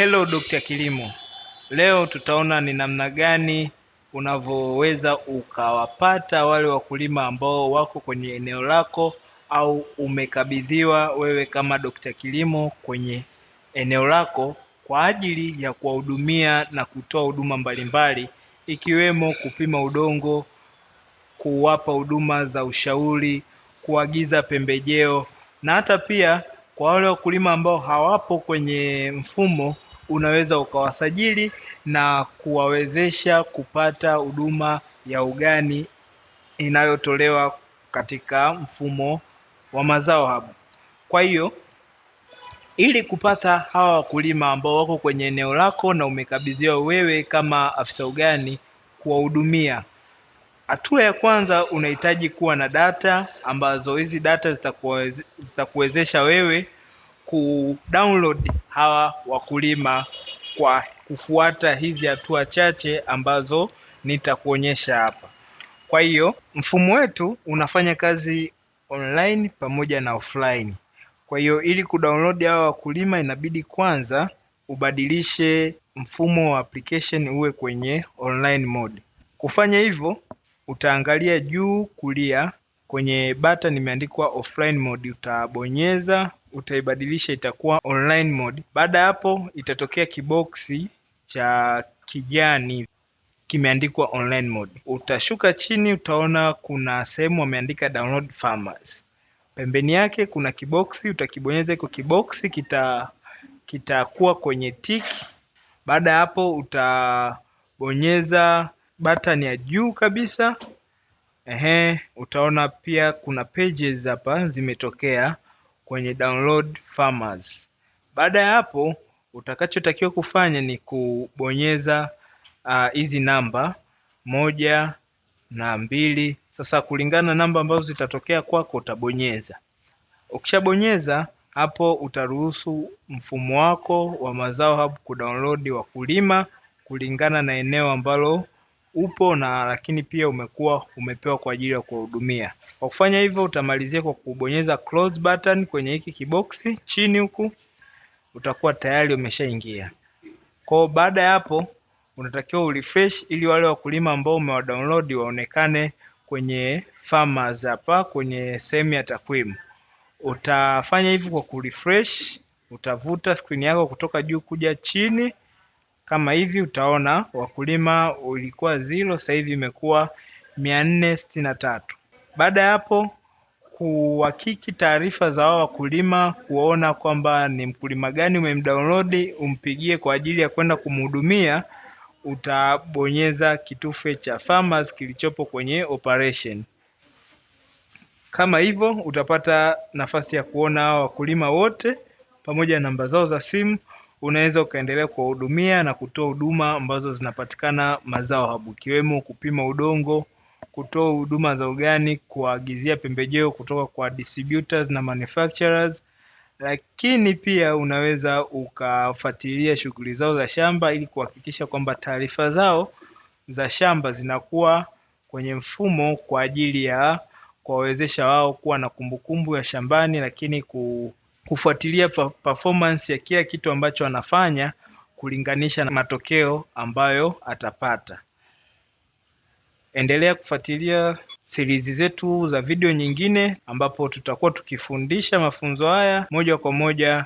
Hello Dr. Kilimo. Leo tutaona ni namna gani unavyoweza ukawapata wale wakulima ambao wako kwenye eneo lako au umekabidhiwa wewe kama Dr. Kilimo kwenye eneo lako kwa ajili ya kuwahudumia na kutoa huduma mbalimbali ikiwemo kupima udongo, kuwapa huduma za ushauri, kuagiza pembejeo na hata pia kwa wale wakulima ambao hawapo kwenye mfumo unaweza ukawasajili na kuwawezesha kupata huduma ya ugani inayotolewa katika mfumo wa Mazao hapo. Kwa hiyo ili kupata hawa wakulima ambao wako kwenye eneo lako na umekabidhiwa wewe kama afisa ugani kuwahudumia, hatua ya kwanza unahitaji kuwa na data ambazo hizi data zitakuwezesha wewe kudownload hawa wakulima kwa kufuata hizi hatua chache ambazo nitakuonyesha hapa. Kwa hiyo mfumo wetu unafanya kazi online pamoja na offline. Kwa hiyo ili kudownload hawa wakulima, inabidi kwanza ubadilishe mfumo wa application uwe kwenye online mode. Kufanya hivyo, utaangalia juu kulia Kwenye button imeandikwa offline mode, utabonyeza utaibadilisha itakuwa online mode. Baada ya hapo itatokea kiboksi cha kijani kimeandikwa online mode. Utashuka chini utaona kuna sehemu wameandika download farmers. Pembeni yake kuna kiboksi utakibonyeza, iko kiboksi kitakuwa kwenye tick. Baada ya hapo utabonyeza button ya juu kabisa Ehe, utaona pia kuna pages hapa zimetokea kwenye download farmers. Baada ya hapo utakachotakiwa kufanya ni kubonyeza ah, hizi uh, namba moja na mbili. Sasa kulingana na namba ambazo zitatokea kwako utabonyeza. Ukishabonyeza hapo utaruhusu mfumo wako wa Mazao Hub kudownload wakulima kulingana na eneo ambalo upo na lakini pia umekuwa umepewa kwa ajili ya kuwahudumia. Kwa kufanya hivyo, utamalizia kwa kubonyeza close button kwenye hiki kiboksi chini huku, utakuwa tayari umeshaingia. Kwa baada ya hapo, unatakiwa urefresh ili wale wakulima ambao umewadownload waonekane kwenye farmers hapa kwenye sehemu ya takwimu. Utafanya hivi kwa kurefresh, utavuta skrini yako kutoka juu kuja chini kama hivi utaona wakulima ulikuwa zero, sasa hivi imekuwa 463. Baada ya hapo kuhakiki taarifa za wao wakulima, kuona kwamba ni mkulima gani umemdownload, umpigie kwa ajili ya kwenda kumhudumia, utabonyeza kitufe cha farmers kilichopo kwenye operation. Kama hivyo utapata nafasi ya kuona wakulima wote pamoja na namba zao za simu unaweza ukaendelea kuwahudumia na kutoa huduma ambazo zinapatikana mazao habu, ikiwemo kupima udongo, kutoa huduma za ugani, kuagizia pembejeo kutoka kwa distributors na manufacturers, lakini pia unaweza ukafuatilia shughuli zao za shamba ili kuhakikisha kwamba taarifa zao za shamba zinakuwa kwenye mfumo kwa ajili ya kuwawezesha wao kuwa na kumbukumbu ya shambani, lakini ku kufuatilia performance ya kila kitu ambacho anafanya kulinganisha na matokeo ambayo atapata. Endelea kufuatilia series zetu za video nyingine ambapo tutakuwa tukifundisha mafunzo haya moja kwa moja